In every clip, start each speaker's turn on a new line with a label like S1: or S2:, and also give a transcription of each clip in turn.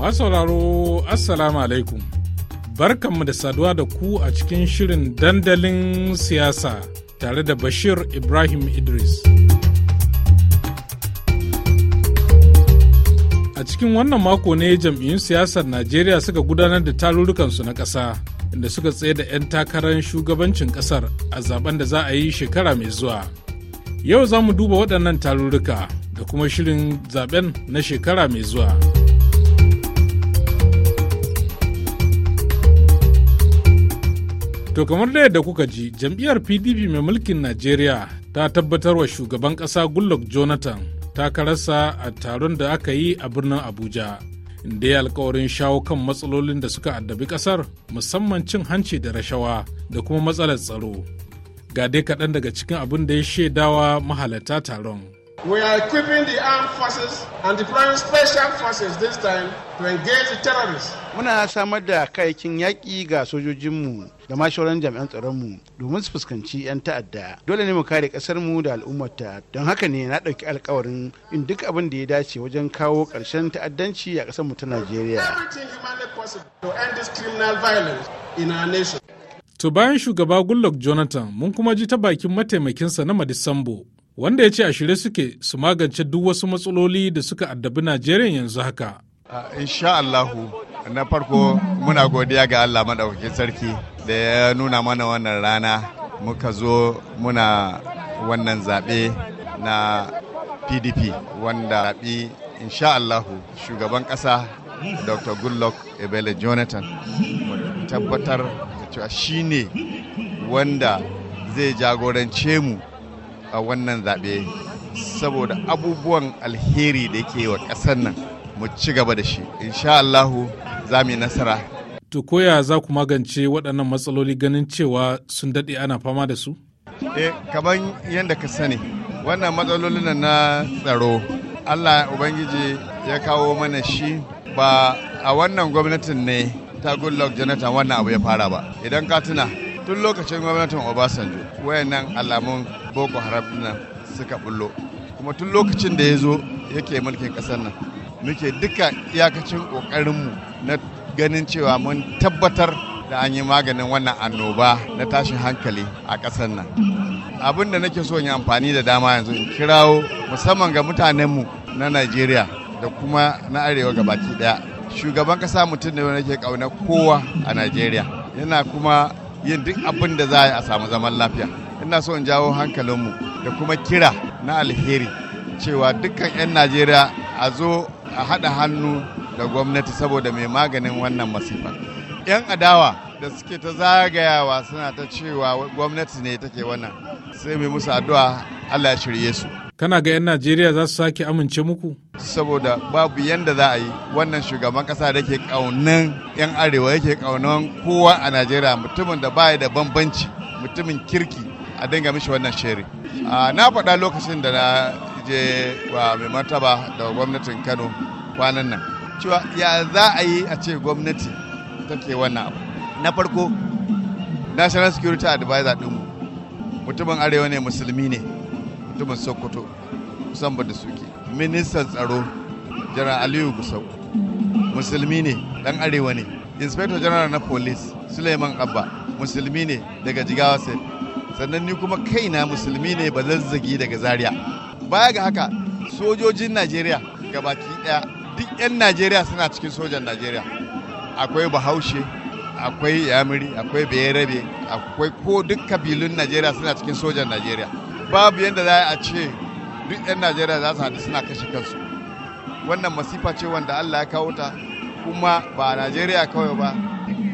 S1: Masu sauraro Assalamu alaikum. Barkanmu da saduwa da ku a cikin shirin dandalin siyasa tare da Bashir Ibrahim Idris. A cikin wannan mako ne jam'iyyun siyasar Najeriya suka gudanar da tarurrukansu na ƙasa inda suka tsaye da 'yan takarar shugabancin ƙasar a zaben da za a yi shekara mai zuwa. Yau za mu duba waɗannan tarurruka da kuma shirin zaben na shekara mai zuwa. To kamar da yadda kuka ji jam'iyyar PDP mai mulkin Najeriya ta tabbatar wa shugaban ƙasa Goodluck Jonathan takararsa a taron da aka yi a birnin Abuja. Inda ya alkawarin shawo kan matsalolin da suka addabi ƙasar musamman cin hanci da rashawa da kuma matsalar tsaro. Ga dai kaɗan daga cikin abin da ya shaidawa mahalarta taron.
S2: We are equipping the armed forces and deploying special forces this time to engage the terrorists.
S3: Muna samar da kayakin yaƙi ga sojojinmu da mashauran jami'an tsaronmu domin su fuskanci 'yan ta'adda. Dole ne mu kare ƙasarmu da al'ummata don haka ne na ɗauki alkawarin in duk abin da ya dace wajen kawo ƙarshen ta'addanci a ƙasarmu ta Najeriya. humanly possible
S1: to To bayan shugaba Goodluck Jonathan mun kuma ji ta bakin mataimakinsa na Madisambo wanda ya ce a shirye suke su magance duk wasu matsaloli da suka addabi najeriya yanzu haka insha allahu na farko muna godiya ga allah maɗaukakin sarki da ya nuna
S3: mana wannan rana muka zo muna wannan zaɓe na pdp wanda zaɓi insha allahu shugaban ƙasa dr goodluck ebele jonathan tabbatar da cewa shi ne wanda zai jagorance mu a wannan zaɓe saboda abubuwan alheri da ke wa ƙasar nan mu ci gaba da shi insha
S1: Allahu za mu yi nasara to koya za ku magance waɗannan matsaloli ganin cewa sun daɗe ana fama da su eh kamar yadda ka sani wannan
S3: matsalolin na tsaro Allah Ubangiji ya kawo mana shi ba a wannan gwamnatin ne ta Goodluck Jonathan wannan abu ya fara ba idan ka tuna tun lokacin gwamnatin obasanjo wayannan alamun boko haram nan suka bullo kuma tun lokacin da ya zo yake mulkin kasar nan muke duka iyakacin kokarinmu na ganin cewa mun tabbatar da an yi maganin wannan annoba na tashin hankali a ƙasar nan abin da nake so yi amfani da dama yanzu in kirawo musamman ga mutanenmu na najeriya da kuma na arewa ga daya shugaban kasa mutum ne nake kauna kowa a najeriya yana kuma yin duk abin da za a yi a samu zaman lafiya ina so in jawo hankalinmu da kuma kira na alheri cewa dukkan 'yan najeriya a zo a haɗa hannu da gwamnati saboda mai maganin wannan masifa 'yan adawa da suke ta zagayawa suna ta cewa gwamnati ne take wannan sai mai musu addu'a allah ya shirye su
S1: kana ga 'yan najeriya za su sake amince muku
S3: saboda babu yadda za a yi wannan shugaban kasa da ke kaunan 'yan arewa yake kaunan kowa a najeriya mutumin da baya da bambanci mutumin kirki a dinga mishi wannan shiri na faɗa lokacin da na je wa mai martaba da gwamnatin kano kwanan nan cewa ya za a yi a ce gwamnati take wannan abu na farko national security advisor ɗinmu mutumin arewa ne musulmi ne mutumin sokoto kusan ba da suke ministan tsaro jiran aliyu gusau musulmi ne dan arewa ne inspector general na police suleiman abba musulmi ne daga jigawa state sannan ni kuma kaina musulmi ne ba zazzagi daga zaria baya ga haka sojojin najeriya gabaki daya duk 'yan najeriya suna cikin sojan najeriya akwai bahaushe akwai yamiri akwai bayerabe akwai ko duk kabilun najeriya suna cikin sojan najeriya babu yadda za a ce duk 'yan najeriya za su haɗu suna kashe kansu wannan masifa ce wanda allah ya kawo ta kuma ba a najeriya kawai ba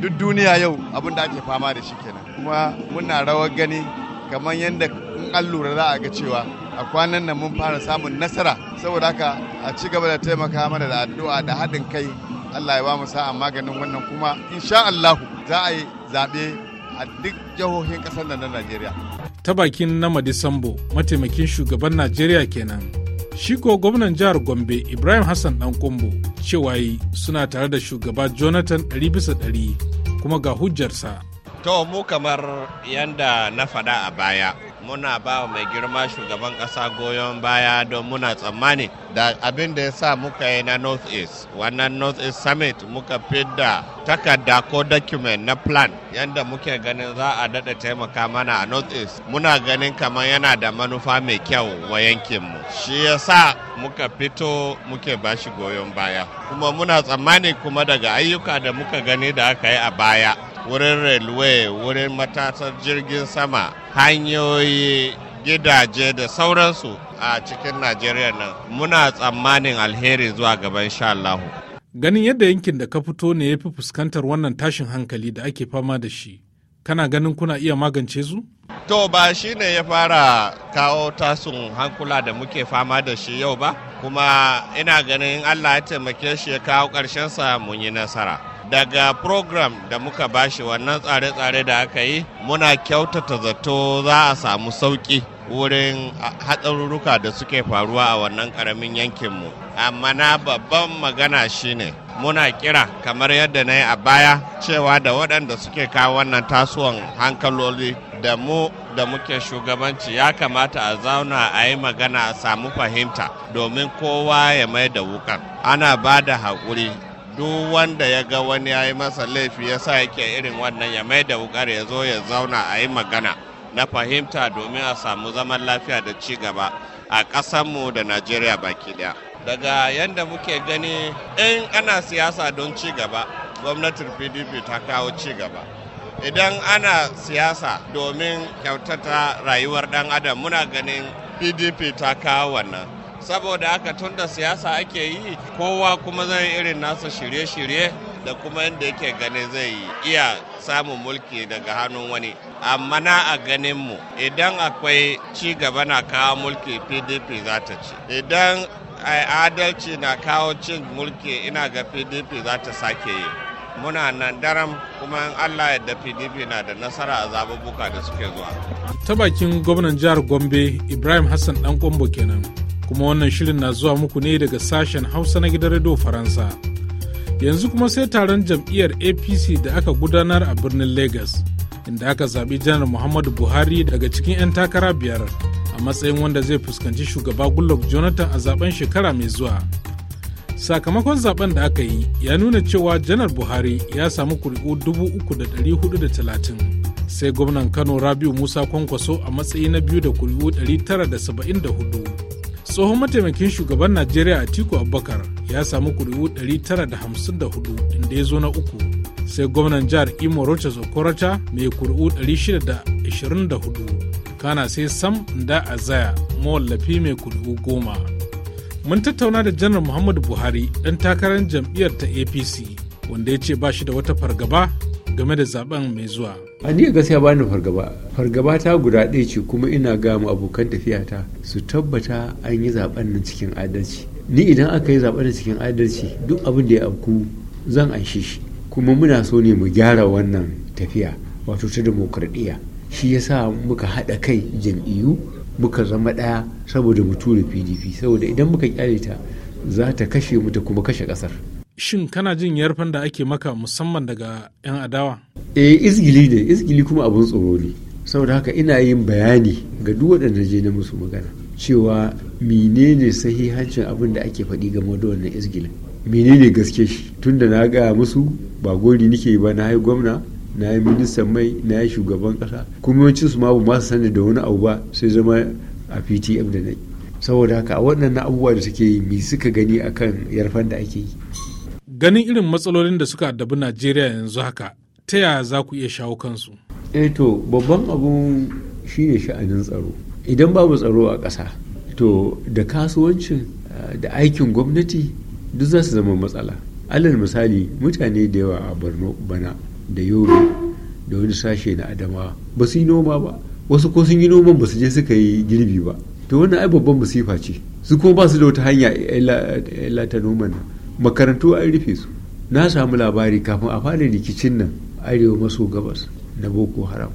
S3: duk duniya yau abin da ake fama da shi kenan kuma muna rawar gani kamar yadda in an lura za a ga cewa a kwanan nan mun fara samun nasara saboda haka a ci gaba da taimaka mana da addu'a da haɗin kai allah ya ba mu sa'a maganin wannan kuma insha allahu za a yi zaɓe a duk jihohin ƙasar nan na najeriya
S1: ta bakin nama disambo mataimakin shugaban Najeriya kenan. Shiko gwamnan jihar Gombe Ibrahim Hassan kumbo cewa suna tare da shugaba Jonathan 100 kuma ga hujjarsa. To mu kamar
S2: yanda na faɗa a baya muna ba wa mai girma shugaban ƙasa goyon baya don muna tsammani da abin da ya sa muka yi na north east wannan north east summit muka fi da takarda ko document na plan yadda muke ganin za a daɗa taimaka mana a north east muna ganin kamar yana da manufa mai kyau wa yankinmu shi ya sa muka fito muke ba shi goyon baya kuma muna tsammani kuma daga ayyuka da muka gani da aka yi a baya wurin railway wurin matasar jirgin sama hanyoyi gidaje da sauransu a cikin najeriya nan muna tsammanin alheri zuwa gaban sha'allahu.
S1: ganin yadda yankin da ka fito ne ya fi fuskantar wannan tashin hankali da ake fama da shi kana ganin kuna iya magance su
S2: to ba shi ne ya fara kawo tasun hankula da muke fama da shi yau ba kuma ina ganin allah ya taimake shi ya kawo ƙarshensa mun yi nasara daga program da muka bashi wannan tsare-tsare da aka yi muna kyautata zato za a samu sauƙi wurin hatsarurruka da suke faruwa a wannan ƙaramin yankinmu amma na babban magana shine muna kira kamar yadda na yi a baya cewa da waɗanda suke kawo wannan tasuwan hankaloli da mu da muke shugabanci ya kamata a zauna a yi magana a samu fahimta domin kowa ya mai da wukan ana ba da haƙuri duk wanda ya ga wani ya yi masa laifi ya sa yake irin wannan ya mai da wukar ya zo ya zauna a yi magana na fahimta domin a samu zaman lafiya da ci gaba a ƙasanmu da najeriya baki daya daga yadda muke gani in ana siyasa don ci gaba gwamnatin pdp ta kawo ci gaba idan ana siyasa domin kyautata rayuwar dan adam muna ganin pdp ta kawo wannan saboda haka da siyasa ake yi kowa kuma zai irin nasa shirye-shirye da kuma yadda yake gani zai iya samun mulki daga hannun wani amma na a ganinmu idan akwai ci gaba na kawo mulki pdp za ta ci idan adalci na kawo cin mulki ina ga pdp za ta sake yi muna nan daram kuma in allah yadda pdp na da nasara a zabubuka da suke zuwa
S1: ta bakin gwamnan jihar gombe ibrahim hassan dan kenan kuma wannan shirin na zuwa muku ne daga sashen hausa na gidan radio faransa yanzu kuma sai taron jam'iyyar apc da aka gudanar a birnin Legas inda aka zaɓi janar muhammadu buhari daga cikin 'yan takara biyar a matsayin wanda zai fuskanci shugaba goodluck jonathan a zaben shekara mai zuwa sakamakon zaben da aka yi ya nuna cewa janar buhari ya samu kuri'u talatin sai gwamnan kano rabiu musa kwankwaso a matsayi na biyu da kuri'u 974 tsohon mataimakin shugaban najeriya a atiku abubakar ya samu kuri'u 954 inda ya zo na uku sai gwamnan jihar imo rocha zokorata mai kuri'u 624 kana sai sam da azaya mawallafi mai kuri'u goma mun tattauna da janar muhammadu buhari dan takarar jam'iyyar ta apc wanda ya ce ba shi da wata fargaba game da zaben mai zuwa.
S4: A ni gaskiya bani fargaba. Fargaba ta guda ɗaya ce kuma ina ga mu abokan tafiyata su tabbata an yi zaben nan cikin adalci. Ni idan aka yi zaben cikin adalci duk abin da ya auku zan anshe shi. Kuma muna so ne mu gyara wannan tafiya wato ta demokradiyya. Shi yasa muka haɗa kai jam'iyyu muka zama ɗaya saboda mu tura PDP saboda idan muka kyale ta za ta kashe mu ta kuma kashe ƙasar.
S1: shin kana jin yarfan da ake maka musamman daga
S4: 'yan adawa eh izgili ne izgili kuma abin tsoro ne saboda haka ina yin bayani ga duk waɗanda je na musu magana cewa menene sahihancin abin da ake faɗi game da wannan izgilin menene gaske shi tunda na gaya musu ba gori nike ba na yi gwamna na yi ministan mai na yi shugaban kasa kuma yawancin su ma ba su sani da wani abu ba sai zama a PTM da na saboda haka a waɗannan abubuwa da suke yi me suka gani akan yarfan da ake yi
S1: ganin irin matsalolin da suka addabi najeriya yanzu haka ta yaya za ku iya shawo kansu
S4: eh to babban abun shi ne sha'anin tsaro idan babu tsaro a ƙasa to da kasuwancin eh, da aikin gwamnati duk za su zama matsala alal misali mutane da yawa a borno bana da yobe da wani sashe na adama ba su yi noma ba wasu ko sun yi noman ba su je suka yi girbi ba to wannan ai babban musifa ce su ko ba su da wata hanya eh, ta noman nan makarantu an rufe su na samu labari kafin a fara rikicin nan arewa maso gabas na boko haram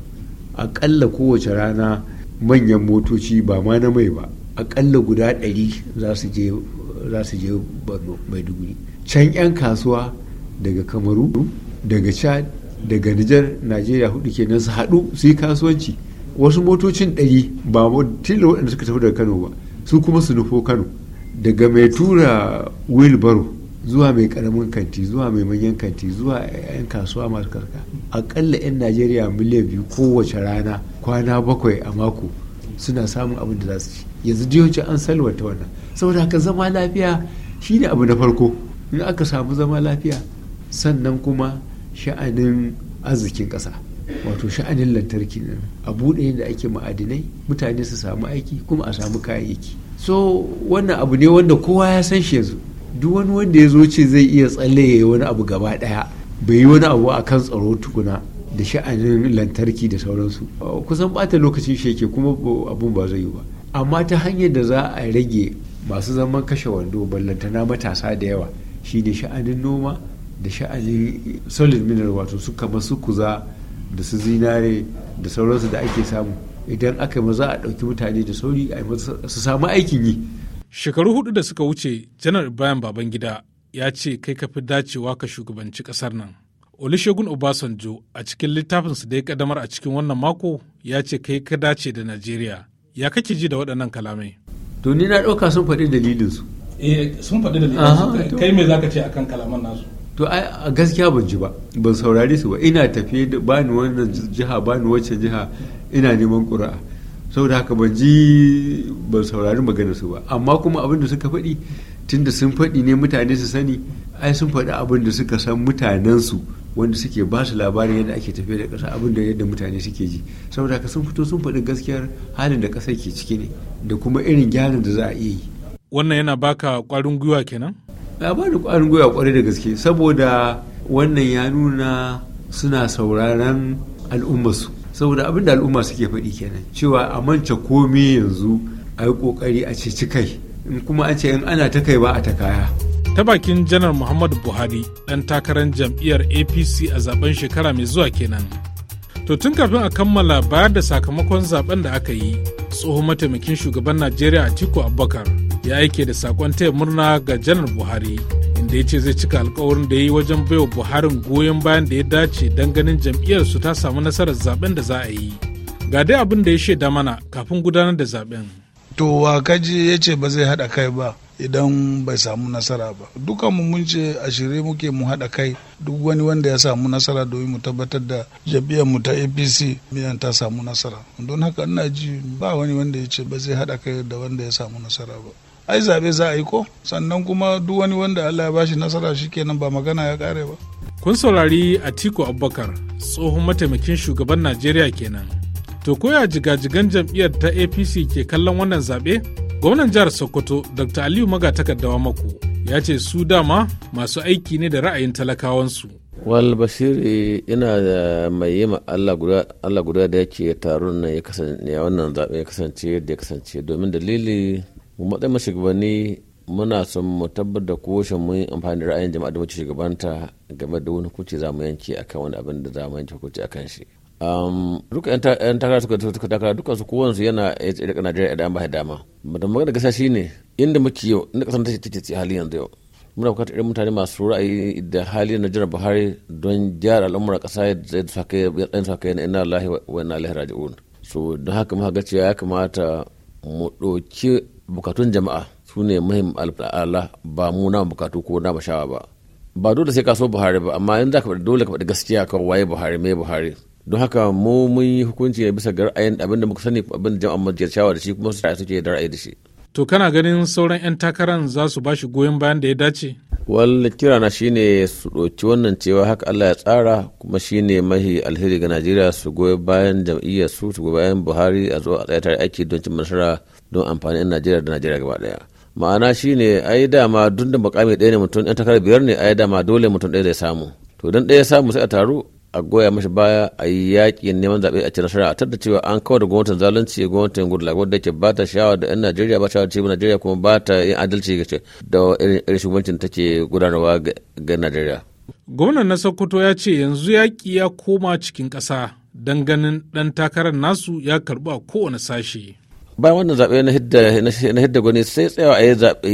S4: aƙalla kowace rana manyan motoci ba ma na mai ba aƙalla guda ɗari za su je borno maiduguri can 'yan kasuwa daga kamaru daga chad daga nijar najeriya hudu kenan su haɗu su yi kasuwanci wasu motocin ɗari ba tilo waɗanda suka tafi daga kano ba su kuma su nufo kano daga mai tura wilbaro zuwa mai karamin kanti zuwa mai manyan kanti zuwa 'yan kasuwa masu karka akalla 'yan najeriya miliyan biyu kowace rana kwana bakwai a mako suna samun abin da za su ci yanzu jihohi an salwata wannan saboda haka zama lafiya shine abu na farko in aka samu zama lafiya sannan kuma sha'anin arzikin ƙasa wato sha'anin lantarki nan a buɗe da ake ma'adinai mutane su samu aiki kuma a samu kayayyaki so wannan abu ne wanda kowa ya san shi yanzu duk wani wanda ya zo ce zai iya tsalle ya yi wani abu gaba daya bai yi wani abu akan tsaro tukuna da sha'anin lantarki da sauransu kusan bata lokacin sheke kuma abun ba zai yi ba amma ta hanyar da za a rage masu zaman kashe wando ballantana matasa da yawa shine sha'anin noma da sha'anin solid mineral wato su kamar su kuza da su zinare da sauransu da ake samu idan aka yi maza a ɗauki mutane da sauri su samu aikin yi
S1: Shekaru hudu da suka wuce, Janar Ibrahim Babangida ya ce kai ka fi dacewa ka shugabanci kasar nan. Olusegun Obasanjo a cikin littafinsa da ya kadamar a cikin wannan mako ya ce kai ka dace da Najeriya. Ya kake ji da waɗannan kalamai? To ni na
S4: ɗauka sun faɗi dalilinsu.
S1: Eh sun faɗi dalilinsu. Kai me zaka ce akan kalaman nasu? To
S4: a gaskiya ban ji ba, ban saurari su ba. Ina tafiye da bani wannan jiha bani wacce jiha ina neman ƙuri'a. saboda haka ban ji ban saurari maganar su ba amma kuma abin da suka faɗi tunda sun faɗi ne mutane su sani ai sun faɗi abin da suka san mutanensu wanda suke ba su labarin yadda ake tafiya da ƙasa abin da yadda mutane suke ji saboda haka sun fito sun faɗi gaskiyar halin da ƙasar ke ciki ne da kuma irin gyaran da za a iya
S1: yi wannan yana baka ƙwarin gwiwa kenan
S4: labarin ƙwarin gwiwa ƙwarai da gaske saboda wannan ya nuna suna sauraron al'ummarsu saboda abin da al'umma suke faɗi kenan cewa a mance komai yanzu a yi ƙoƙari a ceci kai
S1: in kuma an ce in ana ta kai ba a ta kaya. ta bakin janar muhammadu buhari ɗan takarar jam'iyyar apc a zaben shekara mai zuwa kenan to tun kafin a kammala bayar da sakamakon zaben da aka yi tsohon mataimakin shugaban najeriya atiku abubakar ya aike da sakon taya murna ga janar buhari da ya ce zai cika alkawarin da ya yi wajen baiwa buharin goyon bayan da ya dace don ganin su ta samu nasarar zaben da za a yi ga dai abin da ya shaida mana kafin gudanar da zaben to wa kaji ya ce ba zai haɗa kai ba idan bai samu nasara ba dukanmu mun ce a shirye muke mu haɗa kai duk wani wanda ya samu nasara domin mu tabbatar da jam'iyyar mu ta apc miyan ta samu nasara don haka ina ji ba wani wanda ya ce ba zai haɗa kai da wanda ya samu nasara ba ai zaɓe za a yi ko sannan kuma duk wani wanda Allah ya bashi nasara shi shikenan ba magana ya kare ba. Kun saurari Atiku Abubakar tsohon mataimakin shugaban Najeriya kenan. To koya jigajigan jam'iyyar ta APC ke kallon wannan zaɓe? Gwamnan jihar Sokoto Dr. Aliyu Maga takardawa mako ya ce su dama masu aiki ne da ra'ayin talakawansu.
S5: Wal Bashiri ina da mai yi Allah guda da yake taru taron nan ya kasance wannan ya kasance yadda ya kasance domin dalili mu mu shugabanni muna son mu tabbatar da koshin mun amfani ra'ayin jama'a da wacce shugabanta game da wani kuce za mu yanke akan wani abin da za mu yanke a akan shi duka yan takara suka suka takara duka su kowanne su yana da Najeriya idan ba dama da magana gasa shine inda muke yau inda kasan take take ci hali yanzu yau muna bukatar irin mutane masu ra'ayi da hali na jiran Buhari don gyara al'ummar kasa da sakai kai tsayin sakai kai ina Allah wa inna ilaihi raji'un so don haka muka ga cewa ya kamata mu ɗauki bukatun jama'a su ne muhim Allah ba mu na bukatu ko na mashawa ba ba dole sai ka so Buhari ba amma yanzu ka faɗi dole ka faɗi gaskiya ka waye Buhari mai Buhari don haka mu mun yi hukunci bisa ga ra'ayin abin da muka sani abin da jama'a mu ke da shi kuma su suke da ra'ayi da shi
S1: to kana ganin sauran 'yan takarar za su ba shi goyon bayan da ya dace
S5: wal kira na shine su ɗauki wannan cewa haka Allah ya tsara kuma shine mahi alheri ga Najeriya su goyi bayan jam'iyyar su su goyi bayan Buhari a zuwa a tsayatar aiki don cin nasara don amfani 'yan Najeriya da Najeriya gaba daya ma'ana shine ai dama duk da mukami ɗaya ne mutum 'yan takarar biyar ne ai dama dole mutum ɗaya zai samu to don ɗaya samu sai a taru a goya mashi baya a yi yaƙin neman zaɓe a cikin nasara a tattar cewa an kawar da gwamnatin zalunci gwamnatin gudula wadda ke ba ta shawa da 'yan najeriya ba shawar cibiyar najeriya kuma ba ta yin adalci ga da irin shugabancin take gudanarwa ga najeriya.
S1: gwamnan na sokoto ya ce yanzu yaƙi ya koma cikin ƙasa don ganin ɗan takarar nasu ya karɓu a kowane sashe.
S5: bayan wannan zaɓe na hidda gwani sai tsayawa a yi zaɓe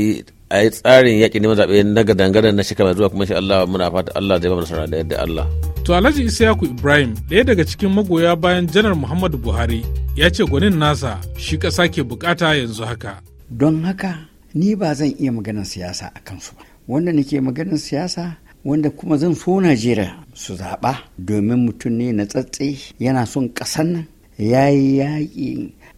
S5: a yi tsarin yaƙi neman zaɓe na gadangadan na shekara zuwa kuma shi Allah muna fata Allah zai ba nasara da yadda Allah.
S1: To Alhaji Isiyaku Ibrahim ɗaya daga cikin magoya bayan Janar Muhammadu Buhari ya ce gwanin nasa shi ƙasa ke bukata yanzu haka. Don haka
S6: ni ba zan iya maganar siyasa a kansu ba. Wanda nake maganar siyasa wanda kuma zan so Najeriya su zaɓa domin mutum ne na tsatse yana son ƙasan nan ya yi yaƙi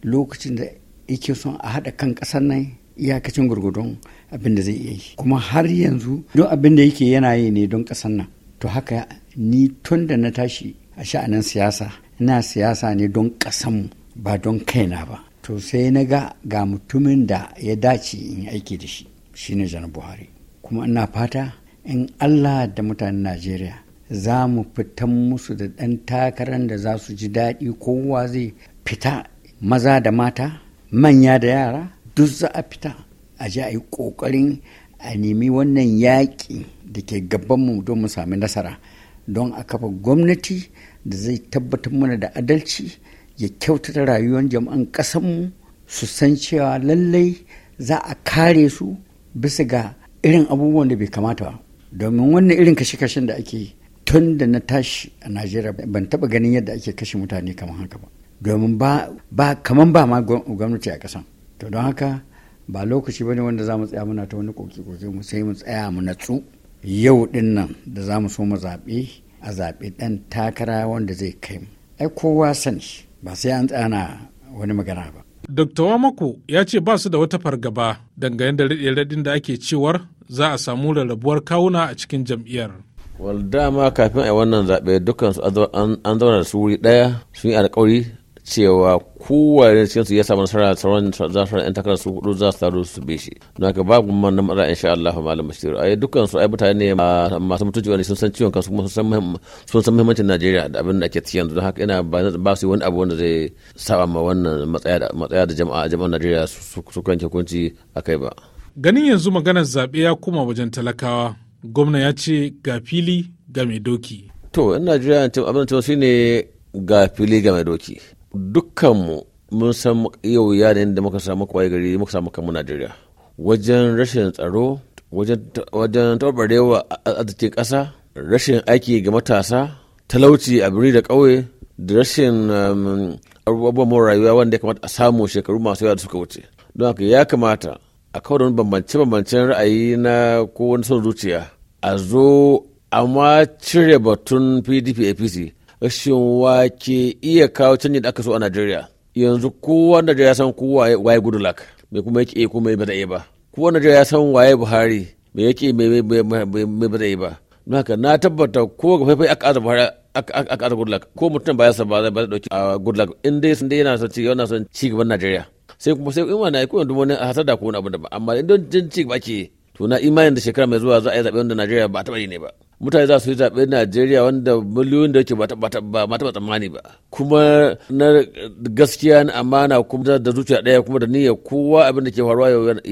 S6: lokacin da yake son a haɗa kan ƙasar nan iyakacin gurgudun abin da zai iya yi kuma har yanzu don abin da yake yana yi ne don ƙasar nan to haka ni tun da na tashi a sha'anin siyasa ina siyasa ne don ƙasanmu ba don kaina ba to sai na ga ga mutumin da ya dace in aiki da shi shine jana buhari kuma ina fata in allah da mutanen najeriya za mu fitan musu da ɗan takarar da za su ji daɗi kowa zai fita maza da mata manya da yara duk za a fita a ji a yi ƙoƙarin a nemi wannan yaƙi da ke gabanmu don mu sami nasara don a kafa gwamnati da zai tabbatar mana da adalci ya kyautata rayuwar jama'an ƙasanmu su san cewa lallai za a kare su bisa ga irin abubuwan da bai kamata ba domin wannan irin kashe-kashen da ake tun da na tashi a najeriya ban taba ganin yadda ake kashe mutane kamar haka ba domin ba kamar ba ma gwamnati a ƙasan to don haka ba lokaci bane wanda za mu tsaya muna ta wani koke-koke mu sai mu tsaya mu natsu yau din nan da za mu so mu zaɓe a zaɓe ɗan takara wanda zai kai mu ai kowa sani ba sai an tsaya na wani magana ba
S1: Dr. Wamako ya ce ba su da wata fargaba dangane da raɗe-raɗin da ake cewar za a samu rarrabuwar kawuna a cikin jam'iyyar.
S5: Wal dama kafin a wannan zaɓe dukkan su an zauna da su wuri ɗaya sun yi alkawari cewa kowane cikin su ya samu nasara a tsaron su yan takarar su hudu za su taru su bi shi don haka ba man na matsala insha Allah malam bashir ai dukkan su ai mutane masu mutunci wani sun san ciwon kansu kuma sun san muhimmancin Najeriya da abin da ake ciyan yanzu don haka ina ba su wani abu wanda zai saba ma wannan matsaya da jama'a jama'a Najeriya su kan a kai ba
S1: ganin yanzu maganar zaɓe ya koma wajen talakawa gwamna ya ce ga fili ga mai doki
S5: to yan Najeriya abin da ne ga fili ga mai doki dukkanmu mun san yau yanayin da muka samu kwaye gari muka samu kan Najeriya wajen rashin tsaro wajen a arzikin ƙasa rashin aiki ga matasa talauci a biri da ƙauye da rashin um, abubuwan mara rayuwa wanda ya kamata a samu shekaru masu yawa da suka wuce don haka ya kamata a kawo wani bambance-bambancen ra'ayi na ko wani son zuciya a zo amma cire batun pdp apc shin wa ke iya kawo canji da aka so a Najeriya yanzu kowa Najeriya ya san kowa yi Goodluck mai kuma yake kuma mai bada ba kowa Najeriya ya san waye Buhari mai yake mai mai bada ba don haka na tabbata ko ga faifai aka aza Buhari aka aza Goodluck ko mutum ba ya sa ba zai ba dauki ah, Goodluck in dai sun dai yana son ci yana son ci gaban Najeriya sai kuma sai in wani ko dumuni a hasar da wani abu da ba amma in don jin ci gaba ke to na imanin da shekara mai zuwa za a yi zaɓe wanda Najeriya ba a taɓa yi ne ba mutane za su yi zaɓe najeriya wanda miliyoyin da yake ba ma taɓa tsammani ba kuma na gaskiya na amana kuma da zuciya ɗaya kuma da niyyar kowa abin da ke faruwa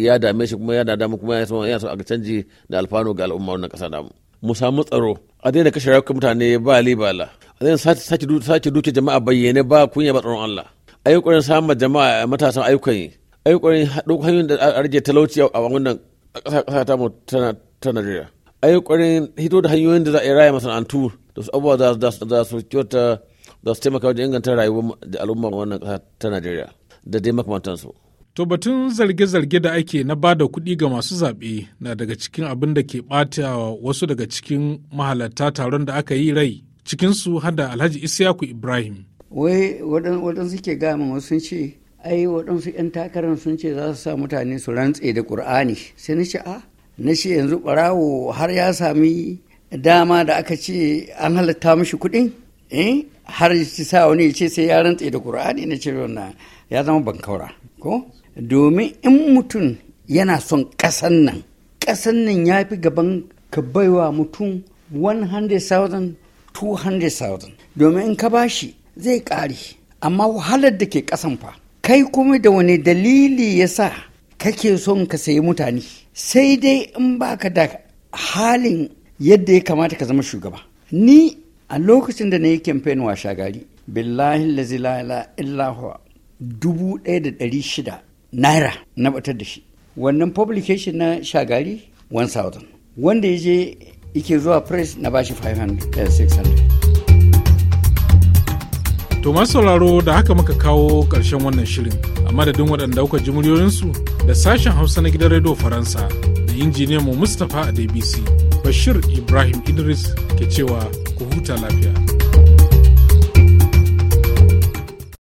S5: ya dame shi kuma ya damu kuma yana son a canji da alfano ga al'umma wannan ƙasa namu mu samu tsaro a daina kashe rayuwar mutane ba libala a daina sake duke jama'a bayyane ba kunya ba tsaron Allah a yi samun jama'a matasan ayyukan yi a yi ƙoƙarin haɗo hanyoyin da a rage talauci a wannan ƙasa ta mu ta Najeriya. ayyukan hito da hanyoyin da za a raya masana'antu da su abubuwa za su kyauta za su taimaka wajen inganta rayuwar da al'umma wannan ƙasa ta najeriya da dai makamantansu.
S1: to batun zarge-zarge da ake na bada kuɗi ga masu zaɓe na daga cikin abin da ke ɓata wasu daga cikin mahalarta taron da aka yi rai cikinsu har da alhaji isyaku ibrahim wai waɗansu
S6: ke gama wasu ce ai waɗansu 'yan takarar sun ce za su sa mutane su rantse da ƙur'ani sai ni ce a ah, na shi yanzu barawo har ya sami dama da aka ce an halatta mashi kuɗi? Eh, har ci sa wani ya ce sai ya rantse da kur'ani na ce wannan ya zama bankaura ko domin in mutum yana son ƙasan nan ƙasan nan ya fi gaban ka baiwa mutum 100,000 200,000 domin in ka bashi zai ƙare amma wahalar da ke ƙasan fa kai kuma da wani dalili ya sa kake son ka sayi mutane sai dai in baka da halin yadda ya kamata ka zama shugaba ni a lokacin da na yi kamfen washa gari billahi lazi la dubu ɗaya da ɗari shida naira na batar da shi wannan publication na shagari 1000 wanda ya je ike zuwa press na bashi
S1: 500 600 To masu sauraro da haka muka kawo ƙarshen wannan shirin a madadin waɗanda kuka ji muryoyinsu da sashen Hausa na gidan Radio Faransa da injiniyan mu Mustapha a DBC Bashir Ibrahim Idris ke cewa ku huta lafiya.